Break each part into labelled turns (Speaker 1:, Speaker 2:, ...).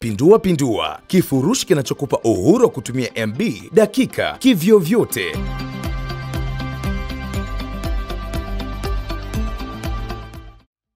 Speaker 1: pindua pindua, kifurushi kinachokupa uhuru wa kutumia MB dakika kivyovyote.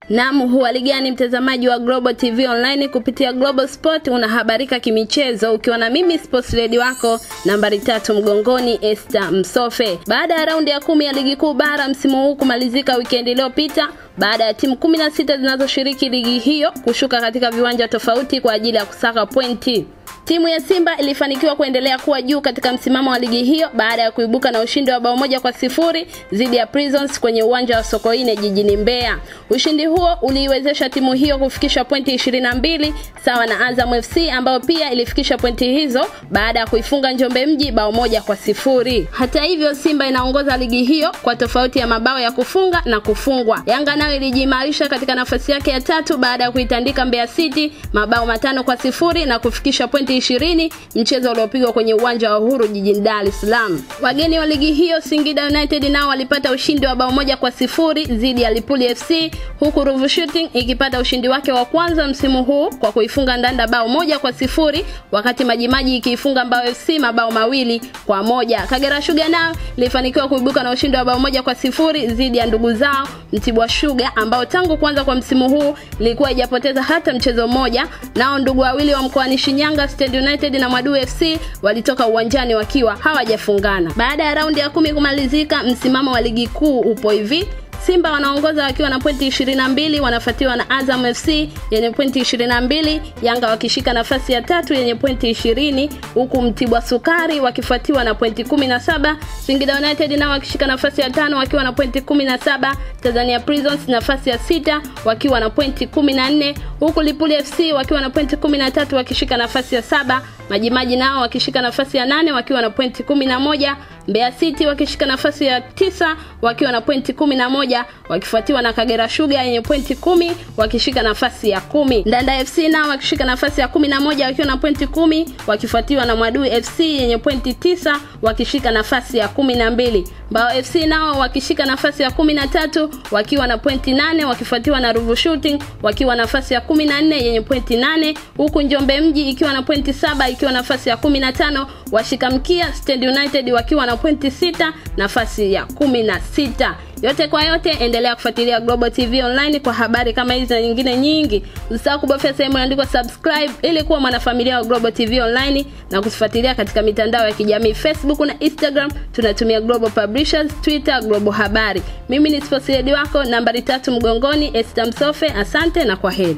Speaker 1: Naam, huhali gani mtazamaji wa Global TV Online? Kupitia Global Sport unahabarika kimichezo ukiwa na mimi sports lady wako nambari tatu mgongoni Esther Msofe. Baada ya raundi ya kumi ya ligi kuu bara msimu huu kumalizika wikendi iliyopita, baada ya timu kumi na sita zinazoshiriki ligi hiyo kushuka katika viwanja tofauti kwa ajili ya kusaka pointi. Timu ya Simba ilifanikiwa kuendelea kuwa juu katika msimamo wa ligi hiyo baada ya kuibuka na ushindi wa bao moja kwa sifuri dhidi ya Prisons kwenye uwanja wa Sokoine jijini Mbeya. Ushindi huo uliiwezesha timu hiyo kufikisha pointi 22 sawa na Azam FC ambayo pia ilifikisha pointi hizo baada ya kuifunga Njombe Mji bao moja kwa sifuri. Hata hivyo, Simba inaongoza ligi hiyo kwa tofauti ya mabao ya kufunga na kufungwa. Yanga nayo ilijiimarisha katika nafasi yake ya tatu baada ya kuitandika Mbeya City mabao matano kwa sifuri na kufikisha pointi ishirini mchezo uliopigwa kwenye uwanja wa Uhuru jijini Dar es Salaam. Wageni wa ligi hiyo Singida United nao walipata ushindi wa bao moja kwa sifuri dhidi ya Lipuli FC huku Ruvu Shooting ikipata ushindi wake wa kwanza msimu huu kwa kuifunga Ndanda bao moja kwa sifuri wakati Majimaji ikiifunga Mbao FC mabao mawili kwa moja. Kagera Sugar nao ilifanikiwa kuibuka na ushindi wa bao moja kwa sifuri dhidi ya ndugu zao Mtibwa Sugar ambao tangu kuanza kwa msimu huu ilikuwa ijapoteza hata mchezo mmoja. Nao ndugu wawili wa mkoani Shinyanga State United United na Mwadui FC walitoka uwanjani wakiwa hawajafungana. Baada ya raundi ya kumi kumalizika, msimamo wa ligi kuu upo hivi: Simba wanaongoza wakiwa na pointi 22, wanafuatiwa na Azam FC yenye pointi 22, Yanga wakishika nafasi ya tatu yenye pointi 20, huku Mtibwa Sukari wakifuatiwa na pointi 17, Singida United nao wakishika nafasi ya tano wakiwa na pointi 17, Tanzania Prisons nafasi ya sita wakiwa na pointi 14, huku Lipuli FC wakiwa na pointi 13 wakishika nafasi ya saba, Majimaji nao wakishika nafasi ya nane wakiwa na pointi 11 Mbeya City wakishika nafasi ya tisa wakiwa na pointi kumi na moja wakifuatiwa na Kagera Sugar yenye pointi kumi wakishika nafasi ya kumi. Ndanda FC nao wakishika nafasi ya kumi na moja wakiwa na pointi kumi wakifuatiwa na Mwadui FC yenye pointi tisa wakishika nafasi ya kumi na mbili. Mbao FC nao wakishika nafasi ya 13 wakiwa na pointi 8 wakifuatiwa na Ruvu Shooting wakiwa nafasi ya 14 yenye pointi 8 huku Njombe Mji ikiwa na pointi 7 ikiwa nafasi ya 15 washika mkia Stand United wakiwa na pointi 6 nafasi ya 16. Yote kwa yote, endelea kufuatilia Global TV Online kwa habari kama hizi na nyingine nyingi. Usisahau kubofya sehemu iliyoandikwa subscribe ili kuwa mwanafamilia wa Global TV Online na kutufuatilia katika mitandao ya kijamii Facebook na Instagram. Tunatumia Global Publishers, Twitter, Global Habari. Mimi ni sposiledi wako nambari tatu mgongoni, Esther Msofe. Asante na kwa heri.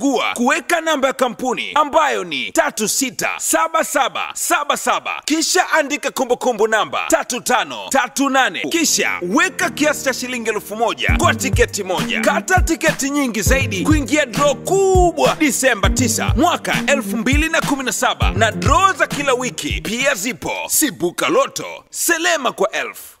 Speaker 2: chagua kuweka namba ya kampuni ambayo ni 367777 kisha andika kumbukumbu namba 3538 kisha weka kiasi cha shilingi 1000 kwa tiketi moja. Kata tiketi nyingi zaidi kuingia draw kubwa Disemba 9 mwaka 2017 na draw za kila wiki pia zipo. Sibuka Loto, selema kwa elfu.